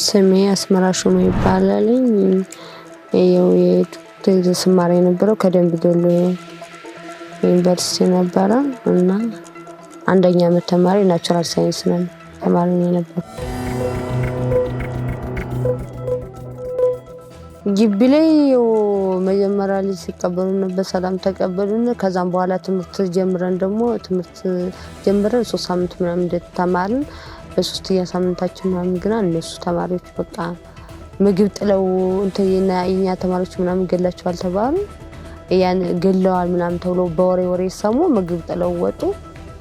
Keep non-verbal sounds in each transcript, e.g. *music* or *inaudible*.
ስሜ አስመራ ሹም ይባላለኝ። ይኸው የትምህርት ስማር የነበረው ከደንብ ዶሎ ዩኒቨርሲቲ ነበረ እና አንደኛ ዓመት ተማሪ ናቹራል ሳይንስ ነው ተማሪ ነበር። ግቢ ላይ መጀመሪያ ልጅ ሲቀበሉን በሰላም ተቀበሉን። ከዛም በኋላ ትምህርት ጀምረን ደግሞ ትምህርት ጀምረን ሶስት ሳምንት ምናምን እንደተማርን በሶስተኛ ሳምንታችን ምናምን ግና እነሱ ተማሪዎች በቃ ምግብ ጥለው የኛ ተማሪዎች ምናምን ገላቸዋል ተባሉ። ያን ገለዋል ምናምን ተብሎ በወሬ ወሬ ሰሙ። ምግብ ጥለው ወጡ።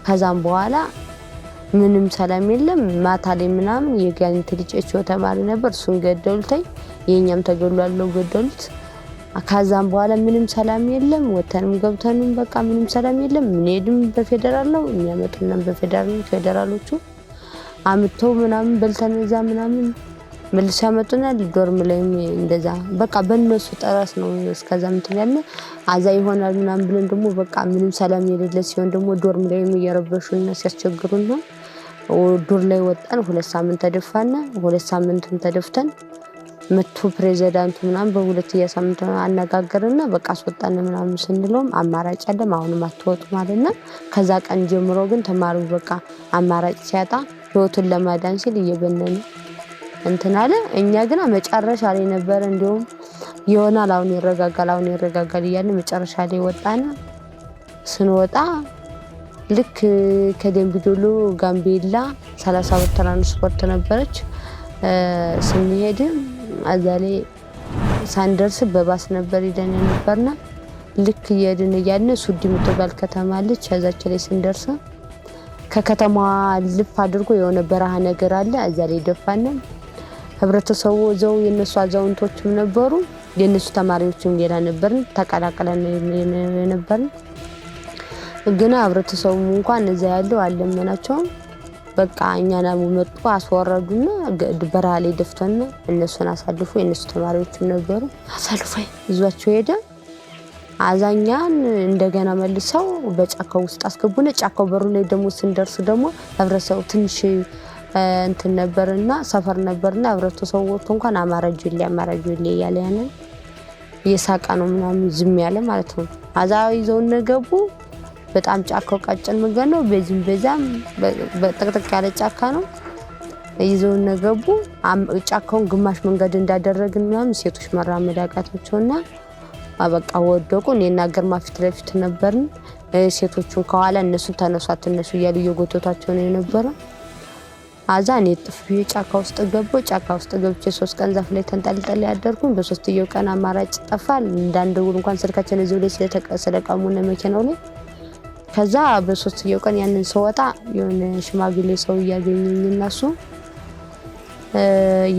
ከዛም በኋላ ምንም ሰላም የለም። ማታ ላይ ምናምን የጋኒት ልጨች ተማሪ ነበር፣ እሱን ገደሉተኝ። የእኛም ተገሏለው ገደሉት። ከዛም በኋላ ምንም ሰላም የለም። ወተንም ገብተንም በቃ ምንም ሰላም የለም። ምንሄድም በፌደራል ነው የሚያመጡና በፌደራል ፌደራሎቹ አምቶ ምናምን በልተን እዛ ምናምን መልሶ ያመጡናል። ዶርም ላይም እንደዛ በቃ በነሱ ጠረስ ነው እስከዛ ምትን ያለ አዛ ይሆናል ምናምን ብለን ደግሞ በቃ ምንም ሰላም የሌለ ሲሆን ደግሞ ዶርም ላይም እየረበሹና ሲያስቸግሩና ዱር ላይ ወጣን። ሁለት ሳምንት ተደፋና ሁለት ሳምንትም ተደፍተን መቶ ፕሬዚዳንቱ ምናምን በሁለተኛ ሳምንት አነጋገርና በቃ አስወጣን ምናምን ስንለውም አማራጭ ያለም አሁንም አትወጡ ማለትና ከዛ ቀን ጀምሮ ግን ተማሪው በቃ አማራጭ ሲያጣ ህይወቱን ለማዳን ሲል እየበነነ እንትን አለ። እኛ ግና መጨረሻ ላይ ነበረ። እንዲሁም ይሆናል አሁን ይረጋጋል፣ አሁን ይረጋጋል እያለ መጨረሻ ላይ ወጣና ስንወጣ ልክ ከደንቢ ዶሎ ጋምቤላ ሰላሳ ብር ትራንስፖርት ነበረች። ስንሄድ እዛ ላይ ሳንደርስ በባስ ነበር ሄደን የነበርና ልክ እየሄድን እያለ ሱዲ የምትባል ከተማ አለች። ከዛች ላይ ስንደርስ ከከተማ ልፍ አድርጎ የሆነ በረሃ ነገር አለ። እዛ ላይ ደፋንም ህብረተሰቡ ዘው የነሱ አዛውንቶችም ነበሩ፣ የነሱ ተማሪዎችም ሌላ ነበርን፣ ተቀላቀለን የነበርን ግና ህብረተሰቡም እንኳን እዛ ያለው አለመናቸውም። በቃ እኛን መጡ አስወረዱና በረሃ ላይ ደፍቶና እነሱን አሳልፎ የነሱ ተማሪዎችም ነበሩ አሳልፎ ይዟቸው ሄደ። አዛኛን እንደገና መልሰው በጫካው ውስጥ አስገቡነ። ጫካው በሩ ላይ ደግሞ ስንደርስ ደግሞ ህብረተሰቡ ትንሽ እንትን ነበርና ሰፈር ነበርና ህብረተሰቡ ወጥቶ እንኳን አማረጁሌ አማረጁሌ እያለ ያንን እየሳቃ ነው ምናምን ዝም ያለ ማለት ነው። አዛ ይዘውን ነገቡ። በጣም ጫካው ቀጭን መንገድ ነው። በዚህም በዛም ጥቅጥቅ ያለ ጫካ ነው። ይዘውን ነገቡ። ጫካውን ግማሽ መንገድ እንዳደረግን ምናምን ሴቶች መራመድ አቃታቸውና አበቃ ወደቁ። እኔና ግርማ ፊት ለፊት ነበርን። ሴቶቹን ከኋላ እነሱ ተነሱ አትነሱ እያሉ እየጎተቷቸው ነው የነበረ። አዛ እኔ ጥፍ ጫካ ውስጥ ገቦ ጫካ ውስጥ ገብቼ ሶስት ቀን ዛፍ ላይ ተንጠልጠል ያደርኩኝ። በሶስትየው ቀን አማራጭ ጠፋል። እንዳንደውል እንኳን ስልካችን እዚሁ ላይ ስለቀሙነ መኪናው ላይ ከዛ በሶስትየው ቀን ያንን ስወጣ የሆነ ሽማግሌ ሰው እያገኘኝ እናሱ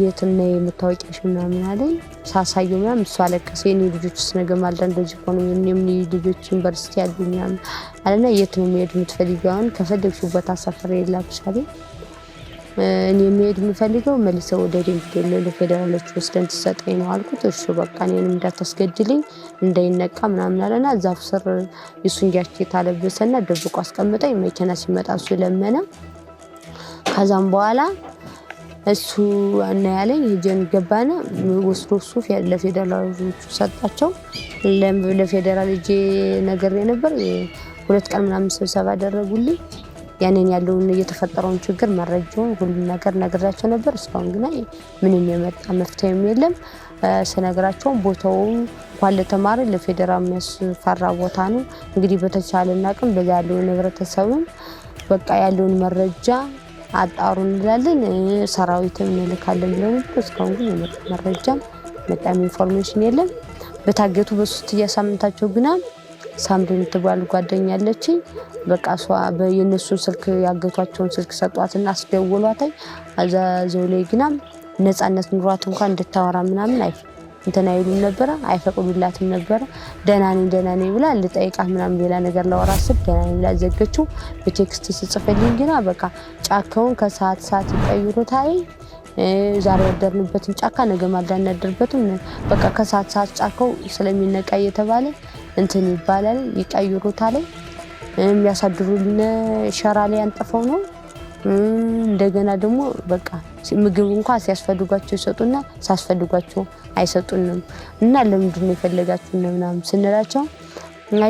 የትና የምታወቂያሽ ምናምን አለኝ ሳሳየው ምናምን እሱ አለቀሰ። የኔ ልጆች ስነገ ማልዳ እንደዚህ ሆነ የኔ ልጆች ዩኒቨርሲቲ ያሉ ምናምን አለና የት ነው መሄድ የምትፈልጊው? አሁን ከፈለግሽው ቦታ ሰፈር የላኩሻለ እኔ መሄድ የምፈልገው መልሰ ወደ ዴንግሎ ለፌዴራሎች ወስደን ትሰጠኝ ነው አልኩት። እሱ በቃ እኔንም እንዳታስገድልኝ እንዳይነቃ ምናምን አለና ዛፍ ስር የሱን ጃኬት አለበሰና ደብቆ አስቀምጠኝ። መኪና ሲመጣ እሱ ለመነ። ከዛም በኋላ እሱ ዋና ያለኝ ሄጀን ገባና ወስዶ እሱ ለፌዴራሎቹ ሰጣቸው። ለፌዴራል እጄ ነገር ነበር። ሁለት ቀን ምናምን ስብሰባ አደረጉልኝ። ያንን ያለውን እየተፈጠረውን ችግር መረጃውን ሁሉም ነገር ነግራቸው ነበር። እስካሁን ግና ምንም የመጣ መፍትሄም የለም። ስነግራቸውን ቦታው እንኳን ለተማሪ ለፌዴራል የሚያስፈራ ቦታ ነው። እንግዲህ በተቻለ አቅም በዛ ያለውን ህብረተሰብም በቃ ያለውን መረጃ አጣሩ እንላለን፣ ሰራዊትም እንልካለን ብለን እስካሁን ግን የመጣ መረጃ መጣም ኢንፎርሜሽን የለም። በታገቱ በሶስትያ ሳምንታቸው ግና ሳምሪ የምትባል ጓደኛ አለችኝ። በቃ እሷ የእነሱን ስልክ ያገቷቸውን ስልክ ሰጧትና አስደወሏታኝ። አዛ ዘው ላይ ግና ነፃነት ኑሯት እንኳን እንድታወራ ምናምን አይ እንትን አይሉም ነበረ፣ አይፈቅዱላትም ነበረ። ደህና ነኝ ደህና ነኝ ብላ ልጠይቃ ምናምን ሌላ ነገር ላወራ ስብ ደህና ነኝ ብላ ዘገችው። በቴክስት ስጽፍልኝ ግና በቃ ጫካውን ከሰዓት ሰዓት ይቀይሩታል። ዛሬ ያደርንበትን ጫካ ነገ ማዳ እናደርበትም በቃ ከሰዓት ሰዓት ጫካው ስለሚነቃ እየተባለ እንትን ይባላል፣ ይቀይሩታል። የሚያሳድሩልን ሸራ ላይ ያንጠፈው ነው እንደገና ደግሞ በቃ ምግብ እንኳ ሲያስፈልጓቸው ይሰጡና ሳያስፈልጓቸው አይሰጡንም እና ለምንድን ነው የፈለጋችሁን ምናምን ስንላቸው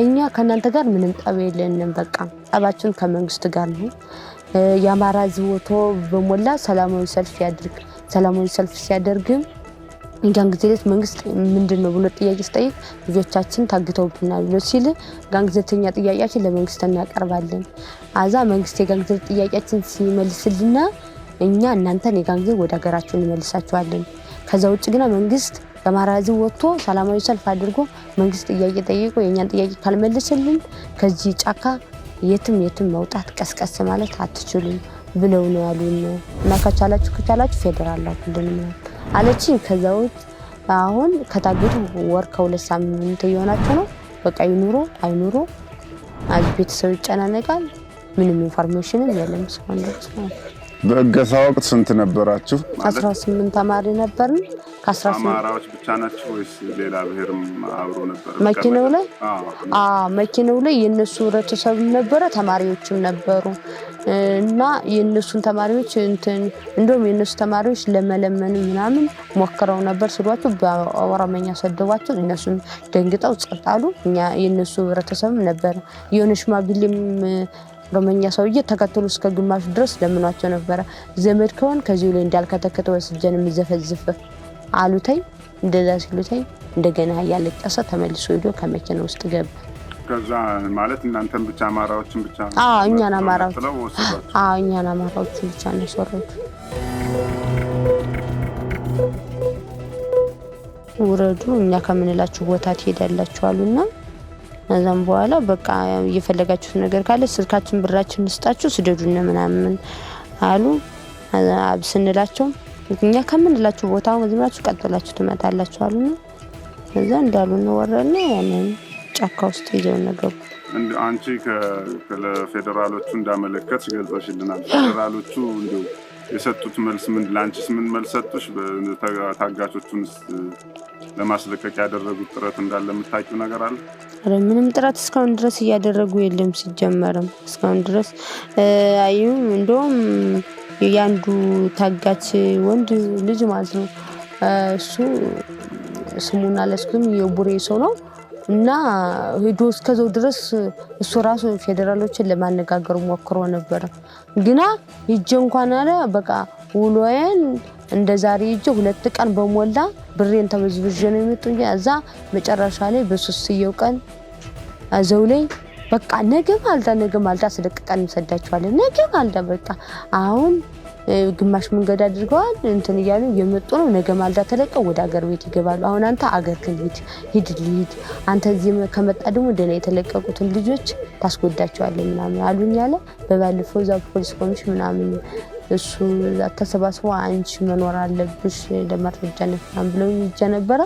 እኛ ከእናንተ ጋር ምንም ጠብ የለንም፣ በቃ ጠባችን ከመንግስት ጋር ነው። የአማራ ህዝብ በሞላ ሰላማዊ ሰልፍ ያድርግ። ሰላማዊ ሰልፍ ሲያደርግም ጋን ጊዜ ቤት መንግስት ምንድን ነው ብሎ ጥያቄ ስጠይቅ ልጆቻችን ታግተውብናል ብሎ ሲል ጋን ጊዜተኛ ጥያቄያችን ለመንግስት እናቀርባለን። አዛ መንግስት የጋን ጊዜ ጥያቄያችን ሲመልስልና እኛ እናንተን የጋን ጊዜ ወደ ሀገራችሁ እንመልሳችኋለን። ከዛ ውጭ ግና መንግስት የአማራ ሕዝብ ወጥቶ ሰላማዊ ሰልፍ አድርጎ መንግስት ጥያቄ ጠይቆ የእኛን ጥያቄ ካልመልስልን ከዚህ ጫካ የትም የትም መውጣት ቀስቀስ ማለት አትችሉም ብለው ነው ያሉን እና ከቻላችሁ ከቻላችሁ ፌዴራል ላኩልን አለች። ከዛ ውጭ አሁን ከታገቱ ወር ከሁለት ሳምንት እየሆናቸው ነው። በቃ ይኑሮ አይኑሮ ቤተሰብ ይጨናነቃል። ምንም ኢንፎርሜሽንም የለም። እስካሁን ድረስ በእገሳ ወቅት ስንት ነበራችሁ? አስራ ስምንት ተማሪ ነበርን። አማራዎች ብቻ ናቸው ወይስ ሌላ ብሔርም አብሮ ነበር? መኪናው ላይ መኪናው ላይ የእነሱ ህብረተሰብ ነበረ፣ ተማሪዎችም ነበሩ እና የእነሱን ተማሪዎች እንትን እንደውም የእነሱ ተማሪዎች ለመለመን ምናምን ሞክረው ነበር። ስሏቸው በኦሮመኛ ሰደቧቸው። እነሱም ደንግጠው ጸጥ አሉ። እኛ የእነሱ ህብረተሰብም ነበረ የሆነ ሽማግሌም ኦሮመኛ ሰውዬ ተከትሎ እስከ ግማሹ ድረስ ለምኗቸው ነበረ። ዘመድ ከሆን ከዚሁ ላይ እንዳልከተከተ ወስጀን የምዘፈዝፍ አሉተኝ። እንደዛ ሲሉተኝ እንደገና እያለቀሰ ተመልሶ ሄዶ ከመኪና ውስጥ ገባ። ከዛ ማለት እናንተን ብቻ አማራዎችን ብቻ እኛን አማራዎች እኛን አማራዎችን ብቻ ነው የሰሩት። ውረዱ እኛ ከምንላችሁ ቦታ ትሄዳላችሁ አሉና ከዛም በኋላ በቃ እየፈለጋችሁት ነገር ካለ ስልካችን ብራችን ስጣችሁ ስደዱን ምናምን አሉ ስንላቸውም እኛ ከምንላችሁ ቦታ አሁን ቀጥላችሁ ትመጣላችሁ አሉና እዛ እንዳሉ እንወረና ያንን ጫካ ውስጥ ይዘው ነገሩ። አንቺ ለፌዴራሎቹ እንዳመለከት ገልጸሽልናል። *gasps* ፌዴራሎቹ እንዲሁ የሰጡት መልስ ምን ለአንቺስ ምን መልስ ሰጡሽ? ታጋቾቹን ለማስለቀቅ ያደረጉት ጥረት እንዳለ የምታውቂው ነገር አለ? ምንም ጥረት እስካሁን ድረስ እያደረጉ የለም። ሲጀመርም እስካሁን ድረስ አይ እንደውም የአንዱ ታጋች ወንድ ልጅ ማለት ነው። እሱ ስሙን አላስኩም የቡሬ ሰው ነው እና ሄዶ እስከዛው ድረስ እሱ ራሱ ፌዴራሎችን ለማነጋገር ሞክሮ ነበረ። ግና ሂጄ እንኳን አለ በቃ ውሎዬን እንደ ዛሬ ሂጄ ሁለት ቀን በሞላ ብሬን ተበዝብዤ ነው የመጡ እዛ መጨረሻ ላይ በሶስትየው ቀን አዘው ላይ በቃ ነገ ማልዳ ነገ ማልዳ አስለቅቀን እንሰዳቸዋለን። ነገ ማልዳ በቃ አሁን ግማሽ መንገድ አድርገዋል እንትን እያሉ የመጡ ነው። ነገ ማልዳ ተለቀው ወደ አገር ቤት ይገባሉ። አሁን አንተ አገር ክልሂድ ሂድ ልሂድ አንተ እዚህ ከመጣ ደግሞ ደህና የተለቀቁትን ልጆች ታስጎዳቸዋለ ምናምን አሉኝ አለ። በባለፈው እዛ ፖሊስ ኮሚሽን ምናምን እሱ ተሰባስቦ አንቺ መኖር አለብሽ ለመረጃነት ምናምን ብለው ይጃ ነበረ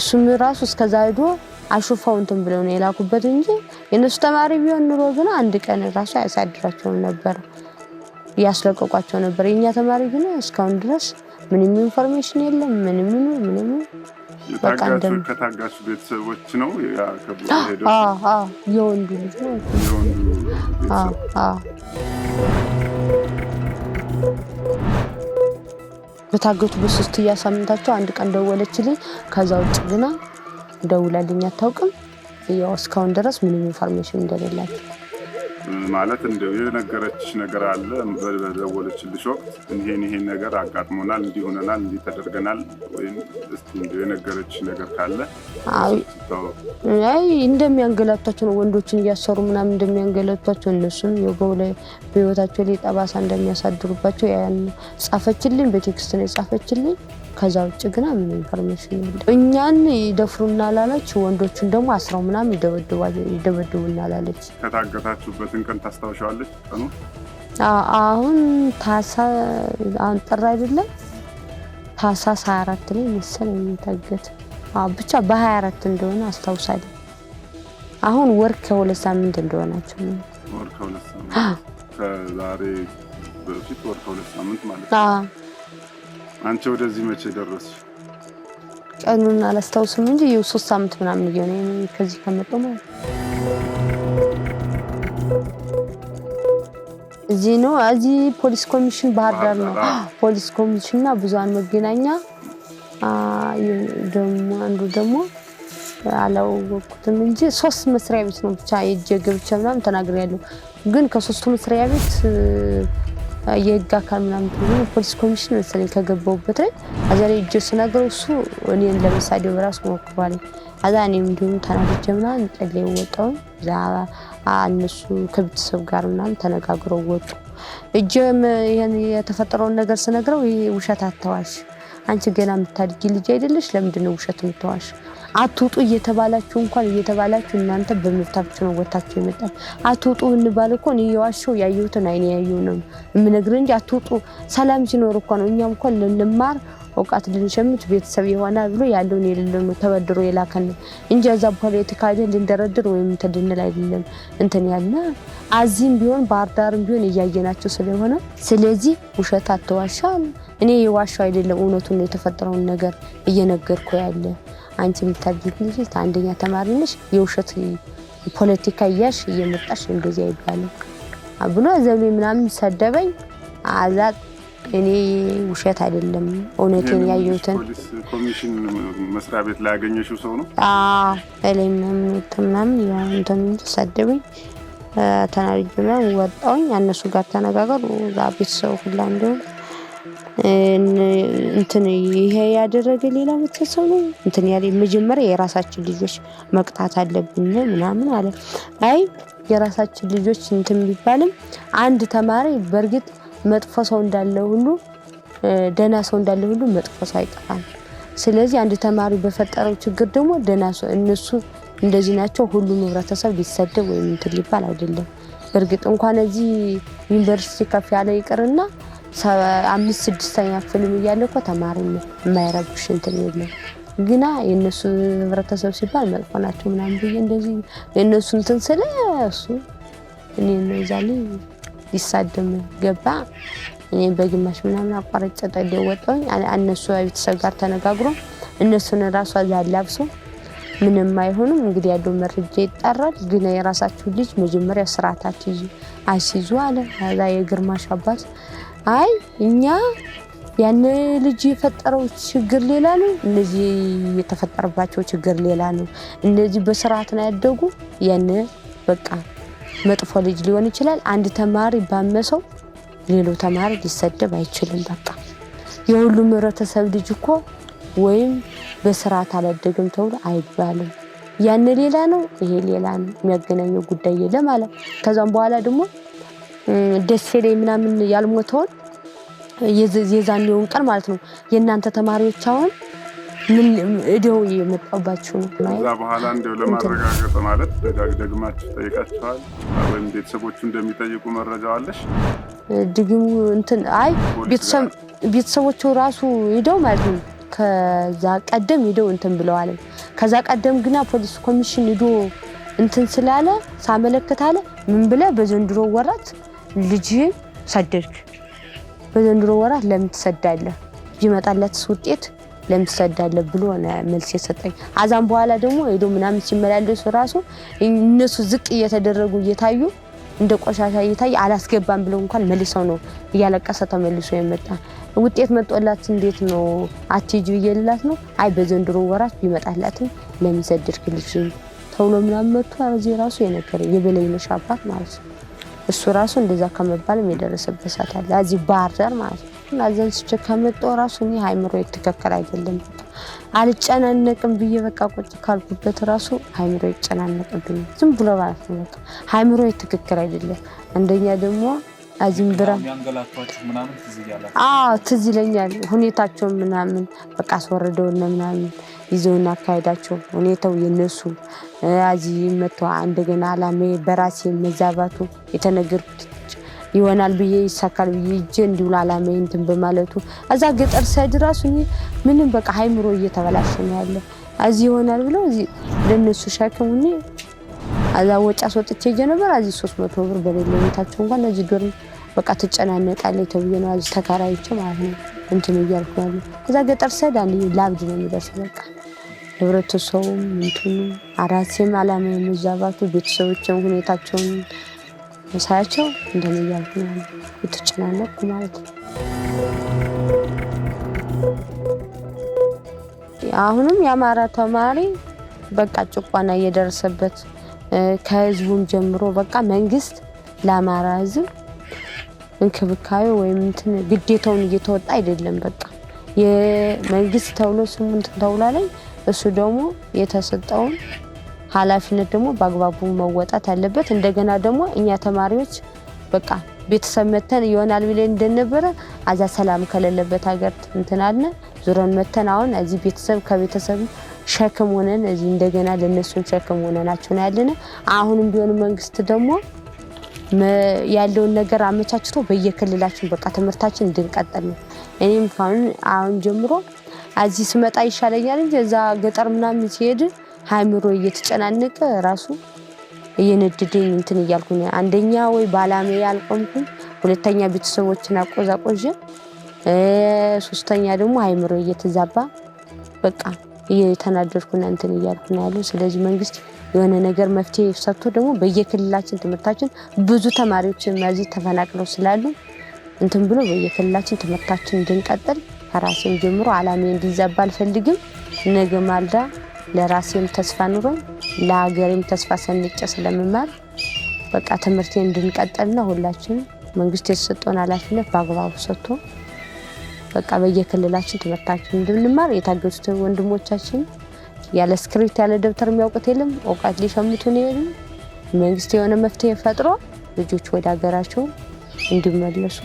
እሱም ራሱ እስከዛ ሂዶ አሹፋው እንትን ብለው ነው የላኩበት እንጂ የእነሱ ተማሪ ቢሆን ኑሮ ግን አንድ ቀን ራሱ አያሳድራቸውም ነበር፣ እያስለቀቋቸው ነበር። የእኛ ተማሪ ግን እስካሁን ድረስ ምንም ኢንፎርሜሽን የለም። ምንም ምንም ከታጋሱ ቤተሰቦች ነው የወንዱ ልጅ ነው። በታገቱ ሶስት እያሳምንታቸው አንድ ቀን ደወለችልኝ። ከዛ ውጭ ግና ደውላልኝ አታውቅም። ያው እስካሁን ድረስ ምንም ኢንፎርሜሽን እንደሌላቸው ማለት እንደው የነገረች ነገር አለ በደወለችልሽ ወቅት ይሄን ይሄን ነገር አጋጥሞናል፣ እንዲህ ሆነናል፣ እንዲህ ተደርገናል ወይም የነገረች ነገር ካለ እንደሚያንገላቷቸው ነው። ወንዶችን እያሰሩ ምናምን እንደሚያንገላቷቸው እነሱም በህይወታቸው ላይ ጠባሳ እንደሚያሳድሩባቸው ጻፈችልኝ። በቴክስት ነው የጻፈችልኝ። ከዛ ውጭ ግና ምን ኢንፎርሜሽን የለ። እኛን ይደፍሩና ላለች፣ ወንዶቹን ደግሞ አስረው ምናምን ይደበድቡና ላለች። ከታገታችሁበትን ቀን ታስታውሻለች? ቀኑ አሁን ታሳ አሁን ጥር አይደለም ታህሳስ 24 ላይ መሰለኝ የታገተ ብቻ በ24 እንደሆነ አስታውሳለሁ። አሁን ወር ከሁለት ሳምንት እንደሆናቸው ወር ከሁለት ሳምንት ከዛሬ በፊት ወር ከሁለት ሳምንት ማለት ነው። አንቺ ወደዚህ መቼ ደረስሽ? ቀኑን አላስታውስም እንጂ ሶስት ሳምንት ምናምን እየሆነ ከዚህ ከመጣሁ ማለት እዚህ ነው። እዚህ ፖሊስ ኮሚሽን ባህር ዳር ነው። ፖሊስ ኮሚሽንና ብዙሃን መገናኛ ደግሞ አንዱ ደግሞ አላወኩትም እንጂ ሶስት መስሪያ ቤት ነው ብቻ የእጀገ ብቻ ምናምን ተናግሬያለሁ። ግን ከሶስቱ መስሪያ ቤት የህግ አካል ምናምን ፖሊስ ኮሚሽን መሰለኝ ከገባሁበት ላይ አዛ ላይ እጆ ስናገረው እሱ እኔን ለመሳደብ በራሱ ሞክሯል። አዛ እኔም እንዲሁም ተናድጄ ምናምን ጠላ የወጣውን እዛ እነሱ ከቤተሰብ ጋር ምናምን ተነጋግረው ወጡ። እጅም ይህን የተፈጠረውን ነገር ስነግረው ይህ ውሸት አታዋሽ፣ አንቺ ገና የምታድጊ ልጅ አይደለሽ፣ ለምንድነው ውሸት የምታዋሽ? አትውጡ እየተባላችሁ እንኳን እየተባላችሁ እናንተ በመብታችሁ ነው ወታችሁ የመጣል። አትውጡ እንባል እኮ እኔ የዋሸው ያየሁትን አይኔ ያየው ነው የምነግር እንጂ አትውጡ። ሰላም ሲኖር እኮ ነው እኛም እኮ ልንማር እውቀት ልንሸምት ቤተሰብ የሆነ ብሎ ያለውን የሌለ ነው ተበድሮ የላከን እንጂ እዛ የተካሄደ ልንደረድር ወይም ተድንል አይደለም እንትን ያለ አዚህም ቢሆን ባህር ዳርም ቢሆን እያየናቸው ስለሆነ ስለዚህ ውሸት አትዋሻል። እኔ የዋሻው አይደለም እውነቱን የተፈጠረውን ነገር እየነገርኩ ያለ አንቺ የምታድጊ ልጅ አንደኛ ተማሪ ነሽ፣ የውሸት ፖለቲካ እያልሽ እየመጣሽ እንደዚህ አይባልም ብሎ ዘብሌ ምናምን ሰደበኝ። አዛ እኔ ውሸት አይደለም እውነቴን ያየሁትን ኮሚሽን መስሪያ ቤት ላይ ያገኘሽው ሰው ነው ላይ ምናምን ምናምን እንትን ሰደበኝ። ተናድጄ ምናምን ወጣሁኝ። እነሱ ጋር ተነጋገሩ ቤተሰቡ ሁላ እንዲሁም እንትን ይሄ ያደረገ ሌላ ቤተሰብ ነው እንትን ያለ መጀመሪያ የራሳችን ልጆች መቅጣት አለብን ምናምን አለ። አይ የራሳችን ልጆች እንትን ቢባልም አንድ ተማሪ በእርግጥ መጥፎ ሰው እንዳለ ሁሉ ደህና ሰው እንዳለ ሁሉ መጥፎ ሰው አይጠፋም። ስለዚህ አንድ ተማሪ በፈጠረው ችግር ደግሞ ደህና ሰው እነሱ እንደዚህ ናቸው ሁሉም ህብረተሰብ ሊሰደብ ወይም እንትን ሊባል አይደለም። በእርግጥ እንኳን እዚህ ዩኒቨርሲቲ ከፍ ያለ ይቅርና አምስት ስድስተኛ ክፍልም እያለ እኮ ተማሪ የማይረጉሽ እንትን የለም። ግና የእነሱ ህብረተሰብ ሲባል መጥፎ ናቸው ምናምን ብዬ እንደዚህ የእነሱ እንትን ስለ እሱ እኔ እነዛ ላይ ሊሳደም ገባ። እኔ በግማሽ ምናምን አቋረጭ ጠደ ወጣሁኝ። እነሱ ቤተሰብ ጋር ተነጋግሮ እነሱን ራሷ ያላብሶ ምንም አይሆኑም። እንግዲህ ያለው መረጃ ይጠራል ግና የራሳችሁ ልጅ መጀመሪያ ስርዓታችሁ አስይዙ አለ። ዛ የግርማሽ አባት አይ እኛ ያን ልጅ የፈጠረው ችግር ሌላ ነው፣ እነዚህ የተፈጠረባቸው ችግር ሌላ ነው። እነዚህ በስርዓት ነው ያደጉ። ያን በቃ መጥፎ ልጅ ሊሆን ይችላል። አንድ ተማሪ ባመሰው ሌሎ ተማሪ ሊሰደብ አይችልም። በቃ የሁሉም ህብረተሰብ ልጅ እኮ ወይም በስርዓት አላደግም ተብሎ አይባልም። ያን ሌላ ነው፣ ይሄ ሌላ ነው፣ የሚያገናኘው ጉዳይ የለም ማለት ከዛም በኋላ ደግሞ ደሴ ላይ ምናምን ያልሞተውን የዛኔውን ቀን ማለት ነው። የእናንተ ተማሪዎች አሁን ምን እደው የመጣባችሁ ነው? ከዛ በኋላ እንደው ለማረጋገጥ ማለት ደግማችሁ ጠይቃችኋል ወይም ቤተሰቦቹ እንደሚጠይቁ መረጃ አለሽ? ድግሙ እንትን አይ ቤተሰቦቹ ራሱ ሂደው ማለት ነው ከዛ ቀደም ሂደው እንትን ብለዋል። ከዛ ቀደም ግና ፖሊስ ኮሚሽን ሂዶ እንትን ስላለ ሳመለክት አለ ምን ብለ በዘንድሮ ወራት ልጅህን ሰደድክ፣ በዘንድሮ ወራት ለምን ትሰዳለህ? ቢመጣለትስ ውጤት ለምን ትሰዳለህ ብሎ መልስ የሰጠኝ። አዛም በኋላ ደግሞ ሄዶ ምናምን ሲመላለሱ ራሱ እነሱ ዝቅ እየተደረጉ እየታዩ እንደ ቆሻሻ እየታየ አላስገባም ብለው እንኳን መልሰው ነው እያለቀሰ ተመልሶ የመጣ ውጤት መጦላት እንዴት ነው አትሄጂ ብዬ ነው። አይ በዘንድሮ ወራት ቢመጣላትም ለምን ሰደድክ ልጅ ተብሎ ምናምን መጥቶ እዚህ ራሱ የነገረኝ የበላይነሽ አባት ማለት ነው። እሱ ራሱ እንደዛ ከመባል የደረሰበት ሰዓት አለ። እዚህ ባህር ዳር ማለት ነው። እና እዛን ስቸ ከመጣሁ ራሱ እኔ ሃይምሮ ትክክል አይደለም አልጨናነቅም ብዬ በቃ ቁጭ ካልኩበት ራሱ ሃይምሮ ይጨናነቅብኝ ዝም ብሎ ማለት ነው። ሃይምሮ ትክክል አይደለም። አንደኛ ደግሞ አዚምብራ አዎ ትዝ ይለኛል። ሁኔታቸው ምናምን በቃ አስወርደውና ምናምን ይዘውን አካሄዳቸው ሁኔታው የነሱ እዚህ መጥቶ እንደገና አላሜ በራሴ መዛባቱ የተነገርኩት ይሆናል ብዬ ይሳካል ብዬ እጄ እንዲውል አላማ እንትን በማለቱ እዛ ገጠር ሳይድ ራሱ ምንም በቃ ሀይምሮ እየተበላሸ ነው ያለ እዚህ ይሆናል ብለው ለነሱ ሸክም አዛ ወጪ አስወጥቼ ሄጄ ነበር። አዚ 300 ብር በሌለ ቤታቸው እንኳን ለዚ ዶርም በቃ ትጨናነቃለች ተብዬ ነው አዚ ተከራይቼ ማለት ነው እንትን እያልኩ ያለ እዛ ገጠር ስሄድ አንድ ላብድ ነው የሚደርስ በቃ ህብረተሰቡም እንትኑ አራሴም አላማ የመዛባቱ ቤተሰቦችም ሁኔታቸውን መሳያቸው እንደነ እያልኩ ነው የተጨናነቅኩ ማለት ነው። አሁንም የአማራ ተማሪ በቃ ጭቋና እየደረሰበት ከህዝቡም ጀምሮ በቃ መንግስት ለአማራ ህዝብ እንክብካቤ ወይም እንትን ግዴታውን እየተወጣ አይደለም። በቃ የመንግስት ተብሎ ስሙ እንትን ተውላለን። እሱ ደግሞ የተሰጠውን ኃላፊነት ደግሞ በአግባቡ መወጣት አለበት። እንደገና ደግሞ እኛ ተማሪዎች በቃ ቤተሰብ መተን ይሆናል ብለን እንደነበረ አዛ ሰላም ከሌለበት ሀገር እንትናልነ ዙረን መተን አሁን እዚህ ቤተሰብ ከቤተሰብ ሸክም ሆነን እዚህ እንደገና ለእነሱም ሸክም ሆነናቸው ነው ያለነ። አሁንም ቢሆን መንግስት ደግሞ ያለውን ነገር አመቻችቶ በየክልላችን በቃ ትምህርታችን እንድንቀጥል ነው። እኔም ካሁን አሁን ጀምሮ እዚህ ስመጣ ይሻለኛል እንጂ እዛ ገጠር ምናምን ሲሄድ ሀይምሮ እየተጨናነቀ ራሱ እየነድደኝ እንትን እያልኩ አንደኛ ወይ ባላሜ አልቆምኩም፣ ሁለተኛ ቤተሰቦችን አቆዛቆዥ፣ ሶስተኛ ደግሞ ሀይምሮ እየተዛባ በቃ እየተናደድኩ ና እንትን እያልኩ ነው ያለው። ስለዚህ መንግስት የሆነ ነገር መፍትሄ ሰጥቶ ደግሞ በየክልላችን ትምህርታችን ብዙ ተማሪዎች እዚህ ተፈናቅለው ስላሉ እንትን ብሎ በየክልላችን ትምህርታችን እንድንቀጥል ከራሴም ጀምሮ አላሜ እንዲዛባ አልፈልግም። ነገ ማልዳ ለራሴም ተስፋ ኑሮ ለሀገሬም ተስፋ ሰንጨ ስለምማር በቃ ትምህርቴ እንድንቀጥልና ሁላችንም መንግስት የተሰጠውን ኃላፊነት በአግባቡ ሰጥቶ በቃ በየክልላችን ትምህርታችን እንድንማር የታገቱት ወንድሞቻችን ያለ ስክሪፕት ያለ ደብተር የሚያውቁት የለም። እውቀት ሊሸምቱን የሉ። መንግስት የሆነ መፍትሄ ፈጥሮ ልጆች ወደ ሀገራቸው እንዲመለሱ